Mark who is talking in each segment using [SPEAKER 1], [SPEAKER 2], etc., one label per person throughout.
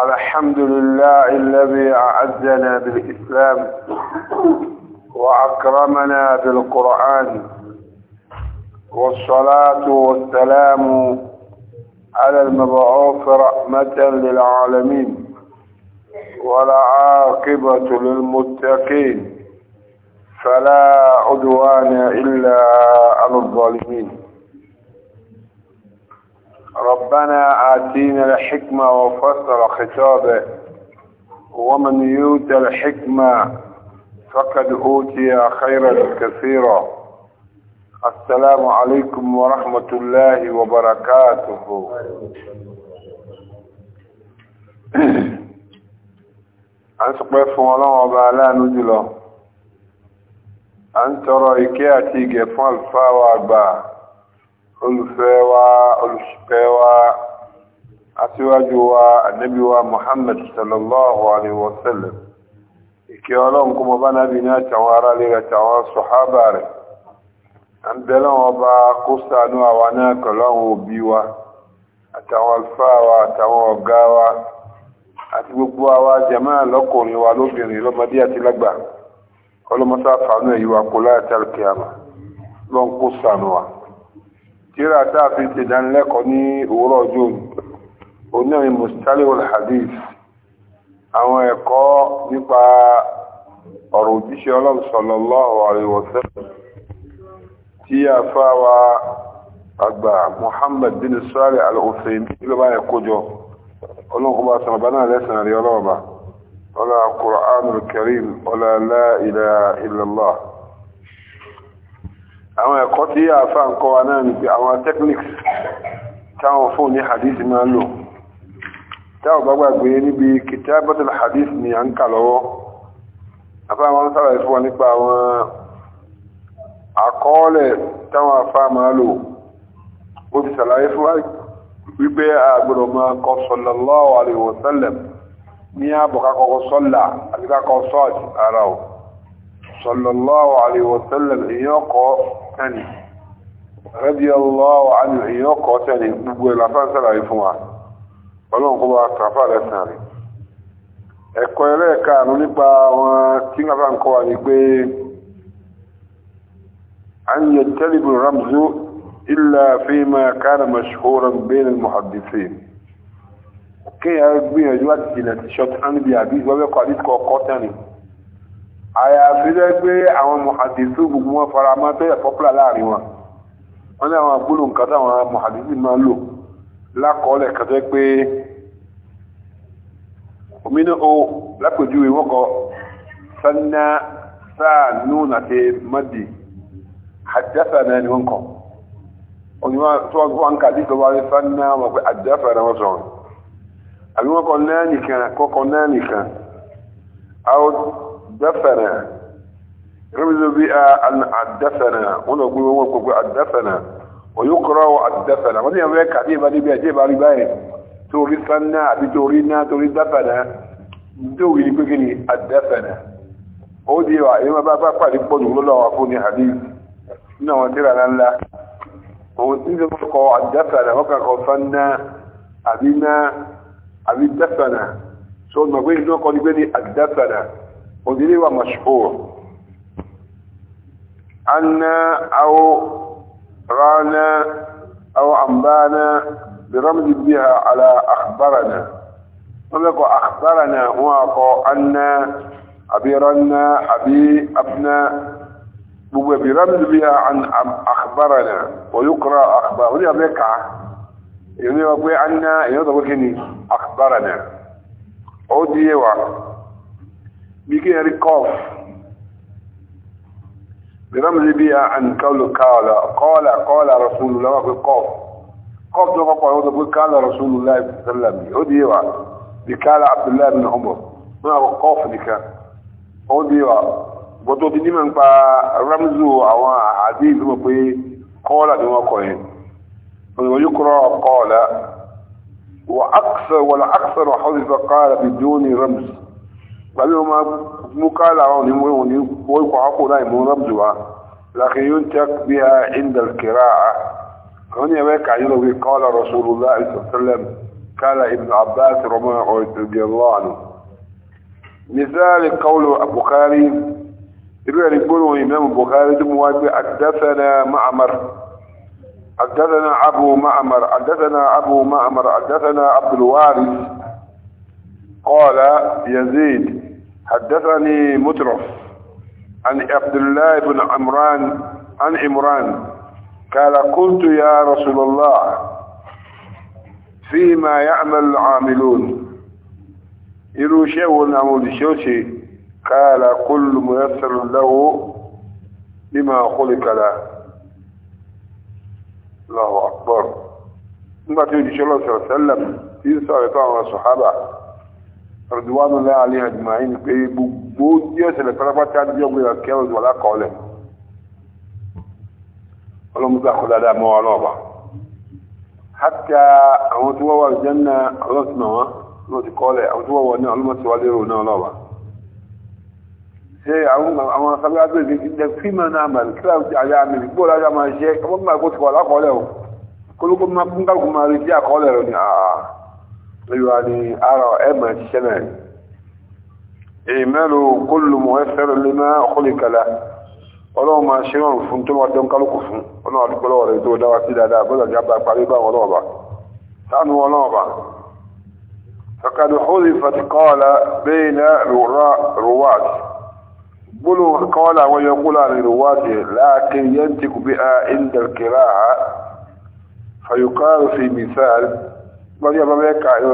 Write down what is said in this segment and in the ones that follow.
[SPEAKER 1] الحمد لله الذي أعزنا بالإسلام وأكرمنا بالقرآن والصلاة والسلام على المبعوث رحمة للعالمين والعاقبة للمتقين فلا عدوان إلا على الظالمين ربنا آتينا الحكمة وفصل خطابه ومن يوت الحكمة فقد أوتي خيرا كثيرا السلام عليكم ورحمة الله وبركاته أنت ń sọpẹ́ fún ọlọ́run ọba aláàánú jùlọ a ń tọrọ ìkẹ́ olùfẹ́ wa olùṣìpẹ̀ wa aṣíwájú wa ànábì wa Muhammad sallallahu alaihi wasallam ìkẹ́ ọlọ́run kó mọ bá nábì ní àtàwọn ará lè àtàwọn sọ̀hábà rẹ̀ ń bẹ̀lẹ̀ wọn bá kó sànú àwa náà pẹ̀lú àwọn òbí wa àtàwọn alfáà àtàwọn ọ̀gá wa àti gbogbo àwa jàmáà lọ́kùnrin wa lóbìnrin lọ́mọdé àti lágbà ọlọ́mọsáfàánú ẹ̀yíwa kó láyàtàlùkẹ́ àmà lọ́n kó sànú wa tíra táà fi ti dánilẹ́kọ̀ọ́ ní òwúrọ̀ ọjọ́ òní òní mustali al-hadith àwọn ẹ̀kọ́ nípa ọ̀rọ̀ òjíṣẹ́ ọlọ́run sallallahu alaihi wa sallam tí a fà wá àgbà Muhammad bin Salih al-Uthaymeen ló bá ẹ̀kọ́ jọ àwọn ẹ̀kọ́ tí àfà ń kọ́ wa náà ni pé àwọn techniques táwọn fún ní hadith máa lò táwọn bá gbàgbé níbi kitabatul hadith ni à ń kà lọ́wọ́ àfà wọn sábà fún wa nípa àwọn àkọọ́lẹ̀ táwọn àfà máa lò ó ti sàlàyé fún wa wípé àgbọ̀dọ̀ máa kọ sallallahu alaihi wasallam ní àbọ̀kákọ̀kọ̀ sọ́là àti kákọ̀ sọ́ọ̀tì ara ọ̀ صلى الله عليه وسلم إيقا تاني رضي الله عنه إيقا تاني بقول لفان سلا يفوع ولون قبع كفالة تاني ẹ̀kọ́ ẹ̀rẹ́ ẹ̀kaàrún nípa àwọn tí wọ́n bá ń kọ́ wa ní pé a ń yẹ tẹ́lìbù ramzu ilẹ̀ fíìmà kára mashhuran bẹ́ẹ̀rẹ̀ muhaddisi kí a gbìyànjú láti jìnà ti ṣọ́tánibí àbí ìgbọ́gbẹ́kọ̀ àbí kọ̀ọ̀kọ́ tẹ́lìbù àyàfi jẹ́ pé àwọn mọ̀hàdìsù gbogbo wọn fara máa tẹ́yà pọ́pùlà láàrin wọn wọ́n ní àwọn agbóhùn nǹkan táwọn mọ̀hàdìsù máa lò lákọọ́lẹ̀ kan jẹ́ pé omínú o lápèjúwe wọ́n kọ sanna sáà nùn àti madi hajjásánà ni wọ́n kọ onímọ̀ tó wọ́n fún àǹkà díkọ̀ wáyé sanna wọ́n pé hajjásánà wọ́n sọ̀rọ̀ àbí wọ́n kọ náà nìkan kọ́kọ́ náà nìkan حدثنا رمز بها أن حدثنا هنا يقول هو يقول حدثنا ويقرأ حدثنا وذي أمريكا عجيب علي بها عجيب علي بها توري سنة عبي تورينا توري دفنا دوي لكي حدثنا ودي وعيما بابا قال يقول الله وعفوني حديث إنه وانترى لن لا وانترى لكي حدثنا وكا سنة عبينا عبي دفنا سؤال ما قلت له قال يقول لي حدثنا ودلي ومشهور عنا أو رانا أو أنبانا برمز بها على أخبرنا ولك أخبرنا هو أنا أبي رنا أبي أبنا برمز بها عن أخبرنا ويقرأ أخبار ولي أبيكا يعني أبي عنا يضرب أخبرنا أودي وعلا بيجي يري قاف برمز بيها عن قول قال قال قال رسول الله في قاف قاف ده قاف يقول قال رسول الله صلى الله عليه وسلم يهودي وعلى بكال عبد الله بن عمر ما هو قاف ديكا يهودي وعلى بدو دي من با رمزو او حديث ما قال ده ما كوين ويقرا قال واكثر والاكثر حذف قال بدون رمز pẹ̀lú ọmọ múkàlà wọn ni wọ́n ní orúkọ àpò láì mú rọ́bù wa lákìn yóò tẹ́ bí i indal kira àwọn ní ẹ̀wẹ́ kàyí lọ wí kọ́lá rasulullah sallam kala ibn abbas rọmọ ọ̀rẹ́dẹ̀lọ́ọ̀nù misali kawlo bukari irú ẹ̀rí gbóòrò imam bukari tó mú wá pé àdásánà ma'amar àdásánà abu ma'amar àdásánà abu ma'amar àdásánà abdulwaris قال يزيد حدثني مترف عن عبد الله بن عمران عن عمران قال كنت يا رسول الله فيما يعمل العاملون يرو شيء ونعمل قال كل ميسر له لما خلق له الله أكبر ما يجي الله صلى الله عليه وسلم يسأل طعم الصحابة rọ̀dùwánú láàrin àjùmọ̀ yìí ni pé gbogbo tí ó ṣẹlẹ̀ pátápátá ní ọgbẹ́ ọ̀kẹ́ ọ̀dùn alákọọ́lẹ̀ ọlọ́mùsà kọ́ dáadáa mọ́ ọlọ́ọ̀bà hátà àwọn tí wọ́n wà jẹ́nà ọlọ́sìnà wọn ló ti kọ́lẹ̀ àwọn tí wọ́n wọ ní ọlọ́mọ̀síwálé rò náà ọlọ́ọ̀bà ṣe àwọn asábíyájọ́ ìgbẹ́ fíìmù náà mẹ́rin kíláàsì ti àyà mi gbọ́ lájà lóyúwa ni ara ẹ̀mọ̀ ṣiṣẹ́ náà ìmẹ́lò kólù mọ̀ ẹ́fẹ́rẹ̀ lé máa kólìkàlá ọlọ́run máa ṣe rọrùn fún tó máa dán kálùkù fún ọlọ́run àdúgbò lọ́wọ́ rẹ̀ tó dáwà sí ní abá parí bá wọn lọ́wọ́ sánú wọn lọ́wọ́ فقد حذفت قال بين روات قلوا قال ويقول عن الروات لكن ينتق بها القراءة فيقال في مثال مريم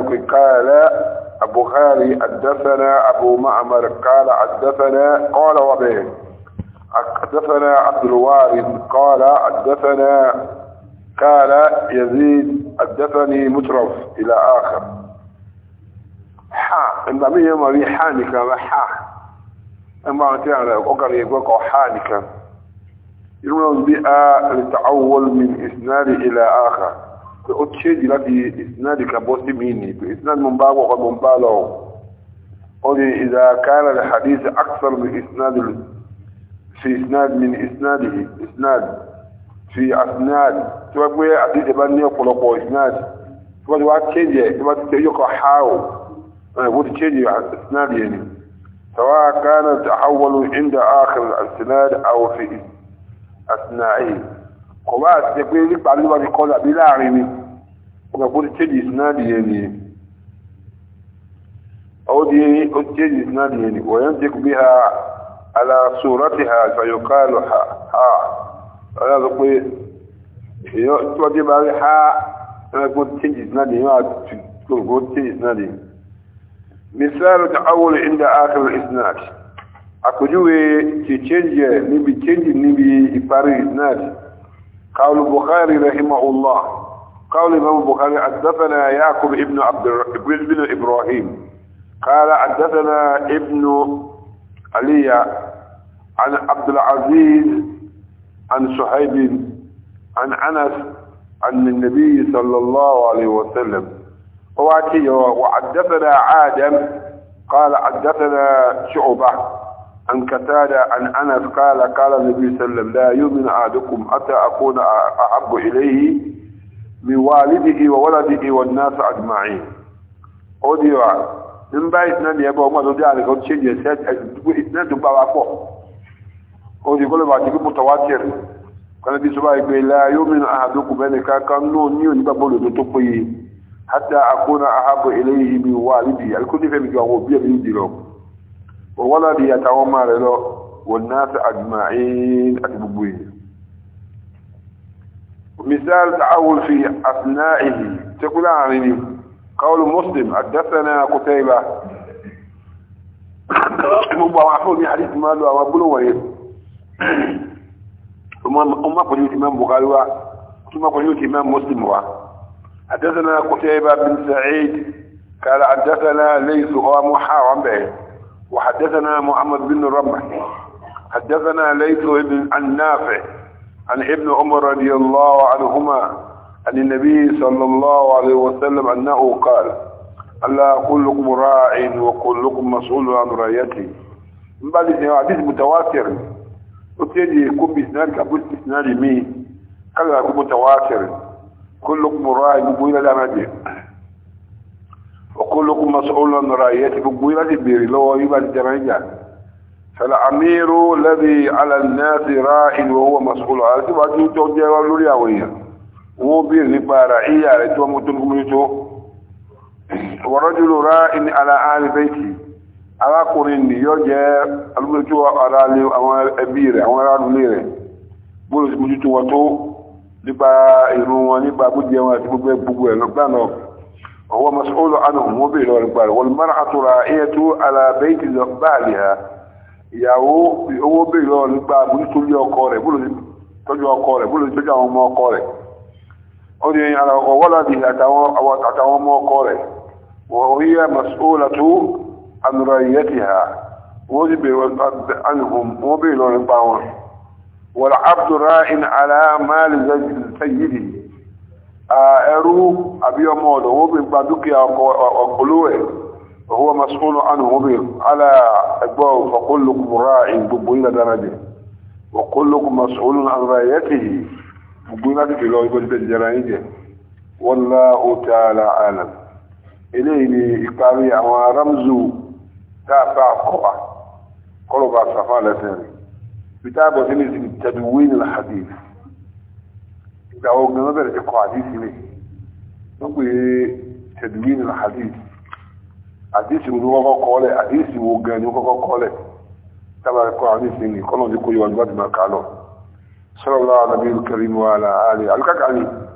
[SPEAKER 1] بك قال أبو خالي حدثنا أبو معمر قال حدثنا قال وبه حدثنا عبد الوارد قال حدثنا قال يزيد حدثني مترف إلى آخر حا ان مية ما بي حانكا ح حا إما تعالى أقل يقول حانكا يرون بها للتعول من إسناد إلى آخر pé ó chéjì láti ìsináàdì kàbọ́ sí mi ní pé ìsináàdì mo ń bá wọ̀ ọ́ mo ń bá lọ ó ní ìdá kára lè hadith aksar mi ìsináàdì fi ìsináàdì mi ní ìsináàdì ìsináàdì fi àsináàdì tí wọ́n gbé àdíjẹ bá ní ọ̀pọ̀lọpọ̀ ìsináàdì tí wọ́n ti wá chéjì tí wọ́n ti tẹ yọkọ̀ háwò wọ́n ti chéjì ìsináàdì yẹn ni سواء كانت تحول عند آخر السناد أو في أثنائه kò wá àti pé nípa ló wá ti kọ́ tàbí láàrin mi ọgbà kó ti change is náà nìyẹn nìyẹn ó di ó ti change is náà nìyẹn wọ́n yẹn ti kú bí ha aláṣọ láti ha àṣàyọ̀ká lọ ha ha ọ̀rẹ́ àti pé èèyàn tí wọ́n ti bá rí ha ẹ̀rọ kó change is náà nìyẹn wọ́n á ti kó kó change is náà nìyẹn. مثال تعول عند آخر الإسناد أكجوه تشنج نبي تشنج نبي قول البخاري رحمه الله قول الإمام البخاري حدثنا يعقوب ابن عبد ابن إبراهيم قال حدثنا ابن علي عن عبد العزيز عن صهيب عن أنس عن النبي صلى الله عليه وسلم وحدثنا عادم قال حدثنا شعبة عن كتادة عن أنس قال قال النبي صلى الله عليه وسلم لا يؤمن أحدكم أتى أكون أحب إليه من والده وولده والناس أجمعين أوديوا من بيت نبي أبو عمر رضي الله عنه شيء يسد اثنين دبوا فوق أودي كل ما تجيب متواتر قال النبي صلى الله عليه وسلم لا يؤمن أحدكم أنك كان نون يون بقول تطبي حتى أكون أحب إليه من والدي الكل في مجواه بيه من دلوقتي wọ́lọ́dì àtàwọn ọmọ rẹ̀ lọ wọ́n náà sí àjùmáyìn àti gbogbo èèyàn misal ta'awul fi asna'ihi tí kú láàrin ni kawul muslim àdásánà kutayba gbogbo àwọn afọ́ ní hadith máa lo àwọn gbólóhùn yẹn wọ́n má pẹ̀lú ti máa bukari wa wọ́n má pẹ̀lú ti máa muslim wa àdásánà kutayba bin sa'id kala àdásánà laysu wa muhawan bẹ́ẹ̀ وحدثنا محمد بن ربح حدثنا ليث عن نافع عن ابن عمر رضي الله عنهما عن النبي صلى الله عليه وسلم أنه قال ألا كلكم راع وكلكم مسؤول عن رعيته من بعد حديث متواتر وتجي يكون بإسناد كابوس بإسناد مين قال متواتر كلكم راع بقول لا مدير وكلكم مسؤول عن رعيته بقوة بيري لو يبقى جميعا فالأمير الذي على الناس راع وهو مسؤول على سبعة توجيه والوليا ويا هو بير نبا رعية لتوى متنكم يتو ورجل راع على آل بيتي على قرين يوجيه المتوى على لي أمال أبيري أمال أبيري بولس مجتوى تو نبا إنوان نبا بجيه واتبقى بقوة لقبانه هو مسؤول عنهم وبيل والبال والمرأة رائية على بيت بعلها ياو هو بيل والبال بل تولي وقوري بل تولي وقوري بل تولي وقوري أولي على ولدها تعتوم وقوري وهي مسؤولة عن رعيتها وبيل عنهم وبيل والبال والعبد راء على مال سيده ẹrú àbí ọmọ ọ̀dọ̀ wọ́n bí gba dúkìá ọkọ̀lú ẹ̀ ọwọ́ masúnú ànà wọ́n bí alá ẹgbọ́ ọkọ̀lùkùn rà ìgbogbo ilẹ̀ dára jẹ ọkọ̀lùkùn masúnú ànà yẹ́ ti gbogbo ilẹ̀ ti lọ ibẹ̀ jẹ́ jẹ́ra yìí jẹ wọ́n lá ó ti àlà àlà ìgbàwọ̀ gan ló bẹ̀rẹ̀ ẹ̀kọ́ àdìsí lè wọ́n pè é tẹ̀dùwìn nà àdìsí àdìsí wo ló kọ́kọ́ kọ́ lẹ̀ àdìsí wo gan ni ó kọ́kọ́ kọ́ lẹ̀ tábà ẹ̀kọ́ àdìsí ni kọ́nà ti kó yọ bá ti máa kà á lọ sọ́rọ̀ lọ́wọ́ alábí kẹrin wa àlà àlùkàkà ni.